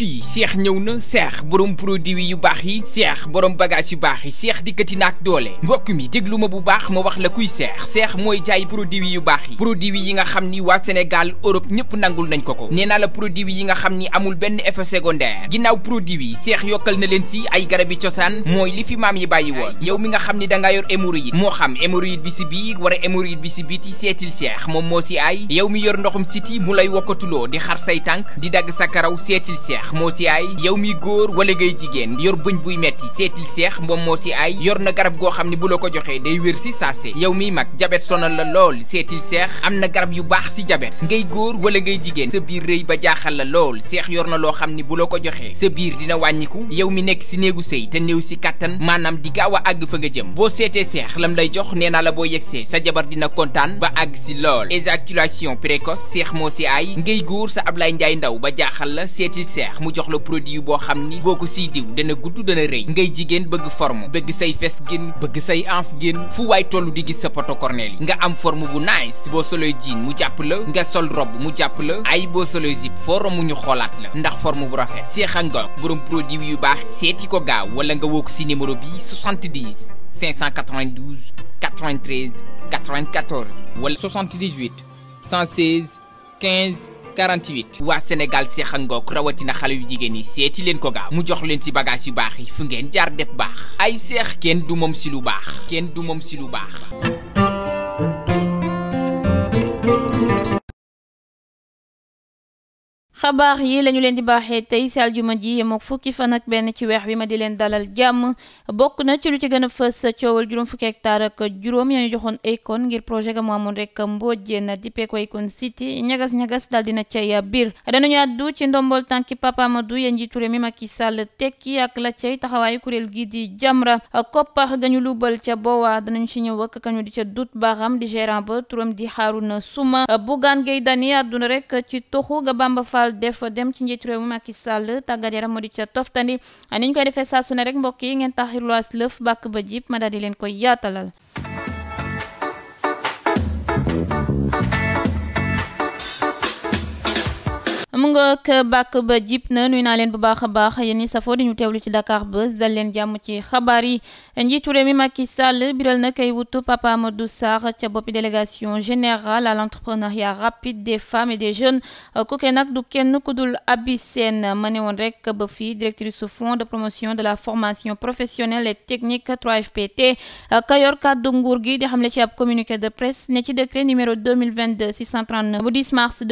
mbokk seex ñëw na seex borom produit yu baax yi seex borom bagage yu baax yi seex dikkati naak doole mbokk mi déglu ma bu baax ma wax la kuy seex seex mooy jaay produit yu baax yi produit yi nga xam ni waa Sénégal Europe ñëpp nangul nañ ko ko nee naa la produit yi nga xam ni amul benn effet secondaire ginnaaw produit yi seex yokkal na leen si ay garabi cosaan mooy li fi maam yi bàyyi woon yow mi nga xam ni dangaa yor hémorroïde moo xam hémorroïde bi si biir wala hémorroïde bi si biti seetil seex moom moo si aay yow mi yor ndoxum siti mu lay wokkatuloo di xar say tànk di dagg sa karaw seetil seex moo si ay yow mi góor wala ngay jigéen yor bëñ buy metti seetil seex moom moo si ay yor na garab goo xam ne bu la ko joxee day wér si saase yow mi mag jabet sonal la lool seetil seex am na garab yu baax si jabet ngay góor wala ngay jigéen sa biir rëy ba jaaxal la lool seex yor na loo xam ne bu la ko joxee sa biir dina wàññiku yow mi nekk si néegu sëy te néew si kàttan maanaam di gaaw a àgg fa nga jëm boo seetee seex lam lay jox nee naa la boo yegsee sa jabar dina kontaan ba àgg si lool éjaculation précoce seex moo si aay ngay góor sa Ablaye Njaay ndaw ba jaaxal la seetil seex mu jox la produit yu boo xam ni boo ko siy diw dana gudd dana rëy ngay jigéen bëgg forme bëgg say fes génn bëgg say anf génn fu waay toll di gis sa poto cornel yi nga am forme bu nice boo soloy jean mu jàpp la nga sol rob mu jàpp la ay boo soloy zip foo romb ñu xoolaat la ndax forme bu rafet Cheikh Ngor borom produit yu baax seeti ko gaaw wala nga woo ko si numéro bi 70 592 93 94 wala 78 116 15 48 waa Sénégal seexangook rawatina xale yu jigéen yi seeti leen ko gaaw mu jox leen ci bagage yu baax yi fu ngeen jaar def baax ay seex kenn du moom si lu baax kenn du moom si lu baax baax yi la ñu leen di baaxee tey si aljuma ji yem ak fukki fan ak benn ci weex wi ma di leen dalal jàmm bokk na ci lu ci gën a sa coowal juróom fukki hectare ak juróom yaa ñu joxoon Akon ngir projet ga mu amoon rek mbojjeen di peko Akon City ñagas ñagas daal dina cay biir danañu àddu ci ndombol tànki Papa Amadou ya njiitu réew mi Macky Sall tekki ak la cay taxawaayu kuréel gi di ra Jamra koppar gañu lubal ca boowaa danañu ci ñëw ak kañu di ca dut baaxam di gérant ba turam di Harouna Souma Bougane Gueye Dany àdduna rek ci daal def dem ci njiitu réew mi Macky Sall tàggat yaram moo di ca toftandi ni ñu koy defee saa su ne rek ngeen taxirlu as lëf bàkk ba jib ma daal leen koy yaatalal. ngoog bàkk ba jib na nuy naa leen bu baax a baax yéen ñi safoo di ñu teewlu ci Dakar Buzz leen jàmm ci xabaar yi njiitu réew mi Macky Sall biral na kay wutu Papa Amadou ca boppi délégation générale à l'entrepreneuriat rapide des femmes et des jeunes kooke nag du kenn ku dul Abi Sène ma ne woon rek ba fii directrice su fonds de promotion de la formation professionnelle et technique 3FPT kayor kàddu nguur gi di xamle ci ab communiqué de presse ne ci décret numéro bu mars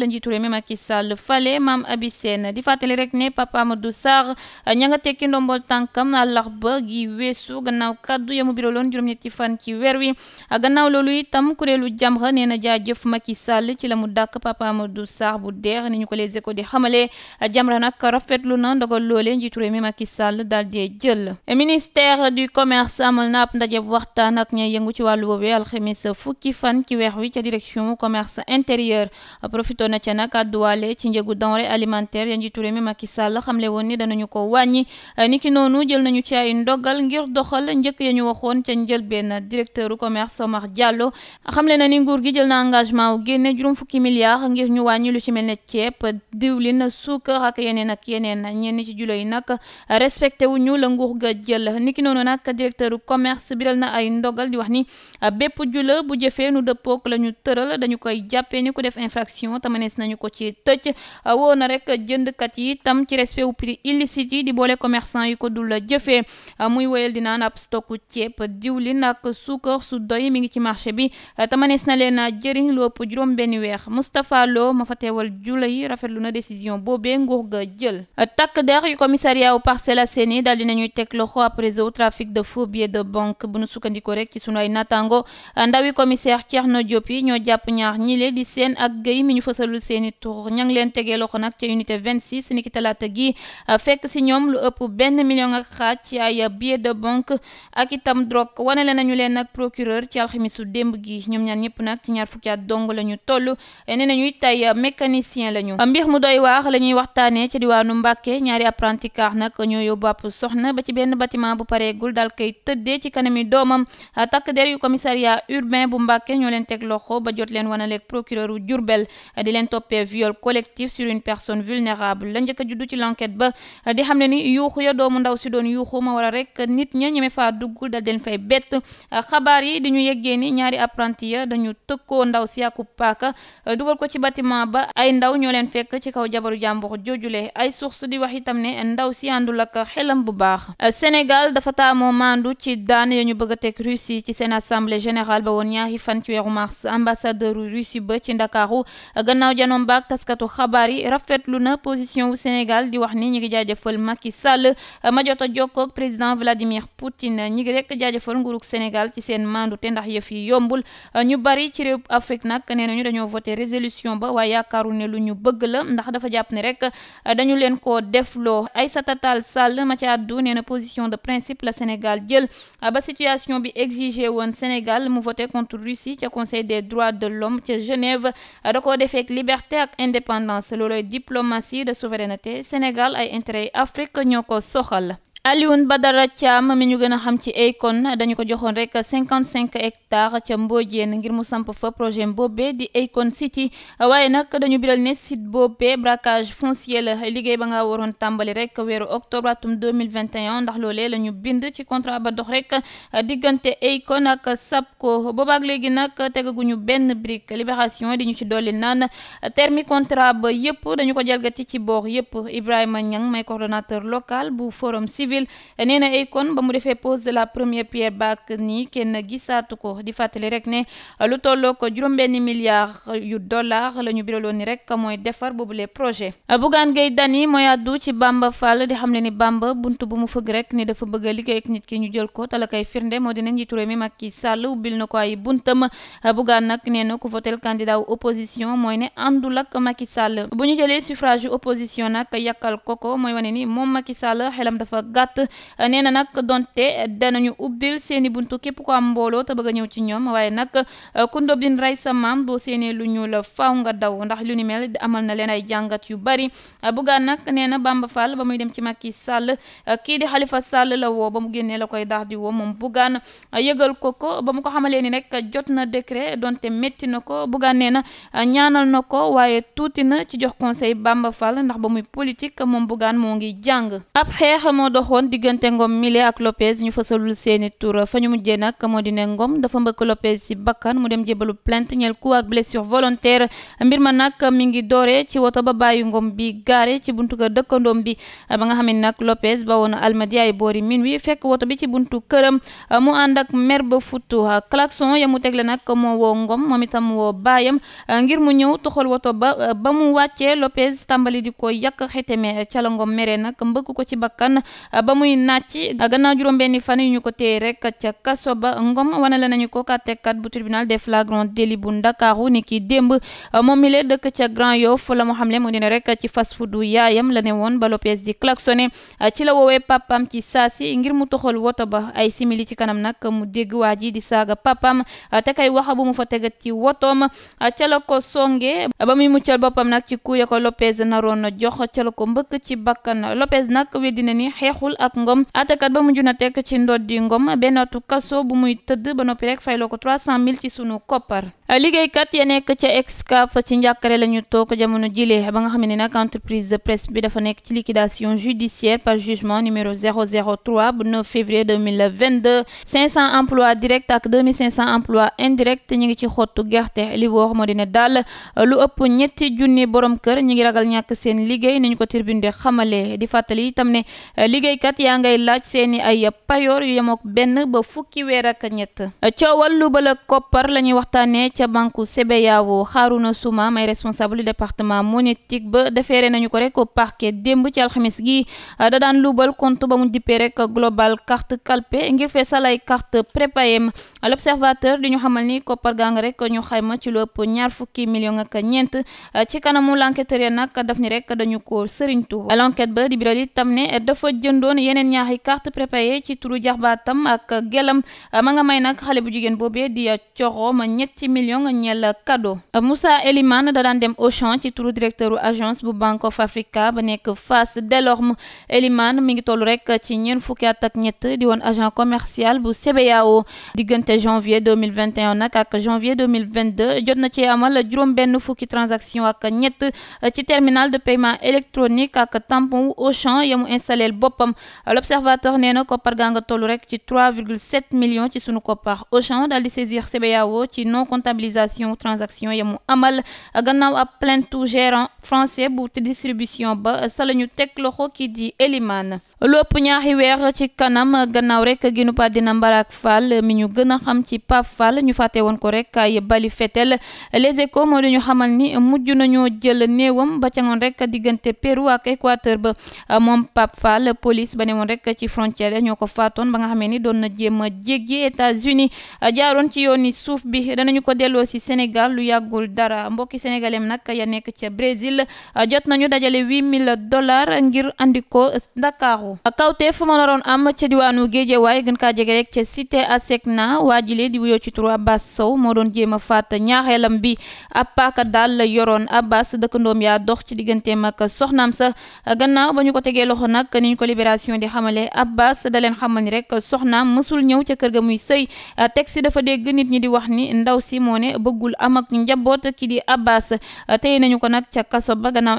la njiitu réew mi Sall fale maam Abi Sène di fàttali rek ne papa Amadou Sarr euh, ña nga tekki ndombol tànkam àllarba gi weesu gannaaw kaddu yamu biraloon juróom-ñetti fan ci weer wi gannaaw loolu itam kuréelu Jamra nee na jaajëf Macky Sall la mu dàkk papa Amadou Sarr bu deex ni ñu ko Les Échos di xamale Jamra nag rafetlu na ndogal loolee njiitu réew mi Macky Sall daal di jël ministère du commerce amal na ab ndaje waxtaan ak ñay yëngu ci wàllu woowee a fukki fan ci weer wi ca direction commerce intérieur profito na ca nag àdduwaale jëmale ci njëgu denrée alimentaire ya njiitu réew mi Macky Sall xamle woon ni danañu ko wàññi euh, niki noonu jël nañu ci ay ndogal ngir doxal njëkk ya ñu waxoon ca njëlbeen directeur commerce Omar Diallo xamle na ni nguur gi jël na engagement wu génne juróom fukki milliards ngir ñu wàññi lu ci mel ne ceeb diwlin suukar ak yeneen ak yeneen ñenn ci julo yi nag respecté wu ñu la nguur ga jël niki noonu nag directeur commerce biral na ay ndogal di wax ni bépp jula bu jëfee nu dëppook la ñu tëral dañu koy jàppee ni ku def infraction tamanees nañu ko ci tëj uh, woo na rek jëndkat yi tam ci respect wu prix illicite yi di boole commerçant yu ko dul jëfee uh, muy woyal di naan ab stocku ceeb diwlin ak suukar su doy mi ngi ci marché bi uh, tamanees na leen jëriñ lu ëpp juróom benn weer Moustapha Lo ma fa teewal jula yi rafetlu na décision boobee nguur ga jël takk der yu commissariat wu Parcelles Assainies daal dinañuy teg loxo ab réseau trafic de faux de banque bu nu sukkandikoo rek ci sunu ay natango ndawi commissaire ña ngi leen tegee loxo nag ca unité 26 niki talaata gi ah, fekk si ñoom ëpp benn million ak xaaj ci ay billet de banque ak itam drogue wanale nañu leen nag procureur ci alxamisu démb gi ñoom ñaar ñëpp nag ci ñaar fukki at la ñu toll eh, nee nañuy tey mécanicien la ñu ah, mbir mu doy waax la ñuy waxtaanee ca diwaanu Mbàkke ñaari apprenti car nag ñoo yóbbu ab soxna ba ci benn bâtiment bu pareegul daal koy tëddee ci kanam yi doomam ah, takk der yu commissariat urbain bu Mbàkke ñoo leen teg loxo ba jot leen wanaleeg procureur u Jurbel eh, di leen toppee viol collectif sur une personne vulnérable la njëkk a juddu ci l'enquête ba di xam ne ni yuuxu ya doomu ndaw si doon yuuxu ma wala rek nit ña ñeme faa duggul dal den fay bett xabaar yi di ñu yeggee ni ñaari apprenti ya dañu tëkkoo ndaw si ak paaka dugal ko ci bâtiment ba ay ndaw ñoo leen fekk ci kaw jabaru jàmbur joojule ay source di wax tam ne ndaw si àndul ak xelam bu baax Sénégal dafa taamoo mandu ci daan ya ñu bëgg a teg Russie ci seen assemblée générale ba woon ñaari fan ci weeru mars ambassadeur Russie ba ci Ndakaaru taskatu xabaar yi rafetlu na position wu Sénégal di wax ni ñi ngi jaajëfal Macky Sall ma jot a jokkoo ak président Vladimir Poutine ñi ngi rek jaajëfal nguurug Sénégal ci seen mandute ndax yëf yi yombul ñu bari ci réew Afrique nag nee nañu dañoo voté résolution ba waaye yaakaaru ne lu ñu bëgg la ndax dafa jàpp ne rek dañu leen koo defloo Aïssata Tall Sall ma ci àddu nee na position de principe la Sénégal jël ba situation bi exigé woon Sénégal mu voté contre Russie ca conseil des de l'homme ca indépendance loolooy diplomatie de souveraineté Sénégal ay intérêt yi Afrique ñoo ko soxal Alioune Badara Thiam mi ñu gën a xam ci Akon dañu ko joxoon rek cinquante cinq hectares ca Mbodiène ngir mu samp fa projet boobee di Akon City waaye nag dañu biral ne site boobee braquage foncier la liggéey ba nga waroon tàmbali rek weeru octobre atum 2021 ndax loole la ñu bind ci contrat ba dox rek diggante Akon ak ko boobaak léegi nag tegaguñu benn brique libération di ñu ci dolli naan terme contrat ba yëpp dañu ko jalgati ci boor yëpp Ibrahima Niang may coordonnateur local civile nee na eh, ba mu defee pose de la première pierre bac nii kenn gisaatu ko di fàttali rek ne lu tolloo ko juróom-benn milliards yu dollars la ñu biraloon ni rek mooy defar boobu les projets Bougane Gueye Dany mooy àddu ci Bamba Fall di xam ne ni Bamba bunt bu mu fëgg rek ni dafa bëgg a liggéey ak nit ki ñu jël ko te la koy firnde moo dina njiitu réew mi Macky Sall ubbil na ko ay buntam Bougane nag nee na ku votel candidat opposition mooy ne àndul ak Macky Sall bu ñu jëlee suffrage opposition nag yàkkal koko mooy wane ni moom Macky gàtt nee na nag donte danañu ubbil seen i buntu képp ko am mbooloo te bëgg a ñëw ci ñoom waaye nag uh, ku ndobin rey sa maam boo seenee lu ñu la uh, faaw nga daw ndax lu ni mel di amal na leen ay jàngat yu bari uh, Bougane nag nee na Bamba Fall ba muy dem ci mag Macky sàll kii di xalifa Sall la woo ba mu génnee la koy dax di woo moom Bougane yëgal ko ko ba mu ko xamalee ni rek jot na décret donte métti na ko Bougane nee na ñaanal na ko waaye tuuti na ci jox conseil Bamba ndax ba muy politique moom Bougane moo ngi jàng doxoon diggante ngoom Milé ak Lopez ñu fasalul seeni tur fa ñu mujjee nag moo di ne Ngom dafa mbëkk Lopez ci bakkan mu dem jébalu plainte ñeel coup ak blessure volontaire mbir ma nag mi ngi dooree ci woto ba bàyyi Ngom bi gaare ci buntu kër dëkkandoom bi ba nga xam ne nag Lopez ba woon Almadies ay boori min wi fekk woto bi ci buntu këram mu ànd ak mer ba futtu ya mu tegle nag moo woo Ngom moom woo baayam ngir mu ñëw toxal woto ba ba mu wàccee Lopez tàmbali di ko yàq xeteme ca la Ngom mere nag mbëkk ko ci bakkan ba muy nàcc gannaaw juróom-benni fan yu ñu ko téye rek ca kaso ba ngom wanale nañu ko kàttekat bu tribunal des flagrants délits bu ndakaaru ni ki démb moom mi lee dëkk ca Grand Yoff la mu xamle mu ne rek ci fast food yaayam la ne woon ba Lopez di klaxonné ci la woowee papam ci saasi ngir mu toxal woto ba ay simili ci kanam nag mu dégg waa ji di saaga papam te kay waxa bu mu fa tegat ci wotoom ca la ko songe ba muy muccal boppam nag ci ku ya ko Lopez naroon jox ca la ci bakkan Lopez nag Abdoul ak Ngom àttekat ba mujj na tekk ci ndoddi Ngom benn atu kaso bu muy tëdd ba noppi rek fayloo ko 300000 ci sunu koppar liggéeykat ya nekk ca Excaf ci njàkkare la ñu toog jamono jile ba nga xam ne nag entreprise de presse bi dafa nekk ci liquidation judiciaire par jugement numéro bu février emplois directs ak emplois indirects ñu ngi ci xottu gerte li wóor moo di ne daal lu ëpp ñetti junni borom kër ñu ngi ragal ñàkk seen liggéey nañu ko tribune liggéeykat yaa ngay laaj seeni ay payoor yu yemook benn ba fukki weer ak ñett coowal lu bala koppar la ñuy waxtaanee ca banque CBAO Harouna Souma may responsable du département monétique ba defeere nañu ko rek au démb ci alxamis gi da daan lubal compte ba mu dippee rek global carte calpe ngir feesal ay carte prépayem l'observateur di ñu xamal ni koppar gang rek ñu xayma ci lu ëpp ñaar fukki million ak ñeent ci kanamu l'enquêteur ya nag daf ni rek dañu ko sëriñtu doon yeneen ñaaxi carte prépayée ci turu jaxbaatam ak gelam ma nga may nag xale bu jigéen boobee di coxo ma ñetti million ñeel cadeau Moussa Elimane da daan dem Auchan ci turu directeur agence bu Bank of Africa ba nekk Fass Delorme Elimane mi ngi toll rek ci ñeent fukki at ak ñett di woon agent commercial bu CBAO diggante janvier 2021 nag ak janvier 2022 jot na ci amal juróom benn fukki transaction ak ñett ci terminal de paiement électronique ak tampon wu Auchan yamu installé boppam Euh, l'observateur nee na koppar gaa nga toll rek ci 3,7 millions ci sunu koppar Auchan daal di saisir CBAO ci non comptabilisation transaction ya amal euh, gannaaw ab plainte gérant français bu distribution ba euh, sa la ñu teg loxo kii di Eliman lopp ñaari weer ci kanam gannaaw rek ginu pa dina Mbarak Fall mi ñu gën a xam ci Pape Fall ñu fàtte woon ko rek ay bali fetel les échos moo dañu xamal ni mujj nañoo jël néewam ba ca ngoon rek diggante Pérou ba police ba ne woon rek ci frontière ñoo ko faatoon ba nga xamee ni doon na jéem a jéggi États-Unis euh, jaaroon ci yooni suuf bi danañu ko delloo si Sénégal lu yàggul dara mbokki sénégalais nag ya nekk ca Brésil euh, jot nañu dajale huit mille dollars ngir andi ko euh, Ndakaaru kawteef ma naroon am ca diwaanu Géejawaay gën kaa jege rek ca cité na waa jile di wuyoo ci turu Abbas Sow moo doon jéem a faat ñaaxeelam bi ab paaka daal la yoroon Abbas dëkkandoom yaa dox ci digganteem ba ñu ko tegee loxo nag libération di xamale Abbas da leen xamal ni rek soxnaam mësul ñëw ca kër ga muy sëy teg si dafa dégg nit ñi di wax ni ndaw si moo ne bëggul am ak njaboot ki di Abbas tey nañu ko nag ca kaso ba gannaaw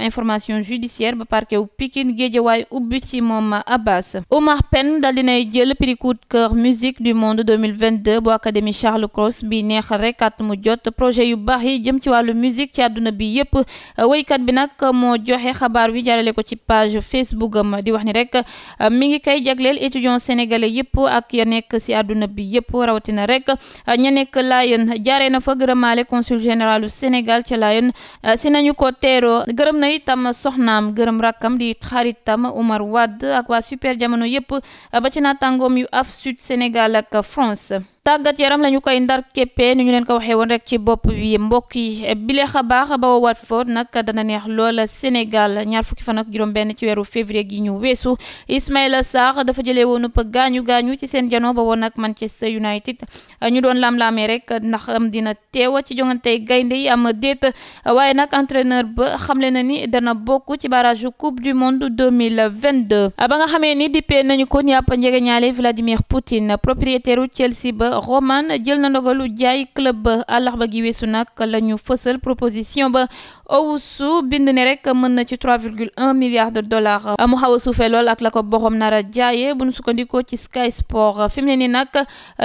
judiciaire ba parquet wu Pikine Guédiawaye ubbi ci moom Abbas Omar Pène dal dinay jël prix coup de cœur musique du monde 2022 bu académie Charles Cros bi neex rek at mu jot projet yu baax yi jëm ci wàllu musique ci àdduna bi yépp waykat bi nag moo joxe xabaar wi jaarale ko ci page Facebook am di wax ni rek Euh, mi ngi koy jagleel étudiant sénégalais yëpp ak ya nekk si àdduna bi yëpp rawatina rek euh, ña nekk Layeen jaaree na fa gërëmale consul général du Sénégal ca Layeen euh, si nañu ko teeroo gërëm na itam soxnaam gërëm rakkam di xaritam Omar Wade ak waa super jamono yëpp ba ci naataangoom yu af sud Sénégal ak France tàggat yaram lañu koy ndar képpee ni ñu leen ko waxee woon rek ci bopp bi mbokk yi bile xabaar ba wawaat foofu nag dana neex loola Sénégal ñaar fukki fan ak juróom-benn ci weeru février gi ñu weesu Ismaïla saax dafa jëlee woon ëpp gaañu gaañu ci seen janoo ba woon ak Manchester United ñu doon lam-laamee rek ndax am dina teew ci jongantey gaynde yi am déet waaye nag entraîneur ba xamle na ni dana bokk ci barrage coupe du monde 2022 ba nga xamee ni dippee nañu ko ñàpp njege ñaale Vladimir Poutine propriétaire u Chelsea ba Roman jël na ndogalu jaay club ba àllarba gi weesu nag la ñu fësal proposition ba owusu bind ni rek mën na ci 3,1 milliards de dollars mu xaw suufe lool ak la ko borom nar a jaayee bu nu sukkandikoo ci Sky Sport fi mu ne nii nag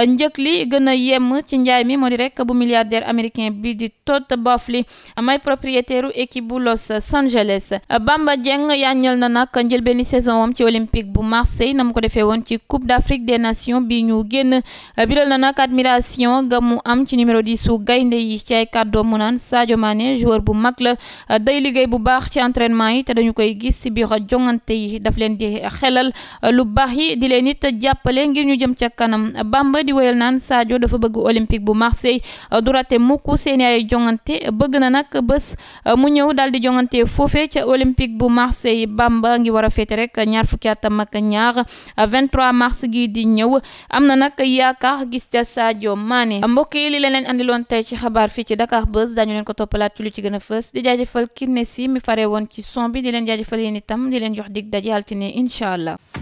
njëg li gën yem ci njaay mi moo di rek bu milliardaire américain bi di Todd Boehly may propriétaire équipe bu Los Angeles Bamba Dieng yaañal na nag njëlbéeni saison wam ci olympique bu Marseille na mu ko defee woon ci Coupe d'Afrique na nag admiration ga mu am ci numéro 10 su gaynde yi ci ay mu naan Sadio Mané joueur bu mag la day liggéey bu baax ci entraînement yi te dañu koy gis si biir a jongante yi daf leen di xelal lu baax yi di leen it jàppale ngir ñu jëm ca kanam Bamba di wéyal naan saajo dafa bëgg Olympique bu Marseille du rate mukk seeni ay jongante bëgg na nag bés mu ñëw daal di jongante foofe ca Olympique bu Marseille Bamba ngi war a féete rek ñaar fukki atam ak ñaar gi di ñëw Mr Sadio Mané mbokk yi li leen andiloon tey ci xabaar fii ci Dakar bés dañu leen ko toppalaat ci lu ci gën a fës di jaajëfal kinne si mi fare woon ci son bi di leen jaajëfal yéen itam di leen jox dig daje altine incha allah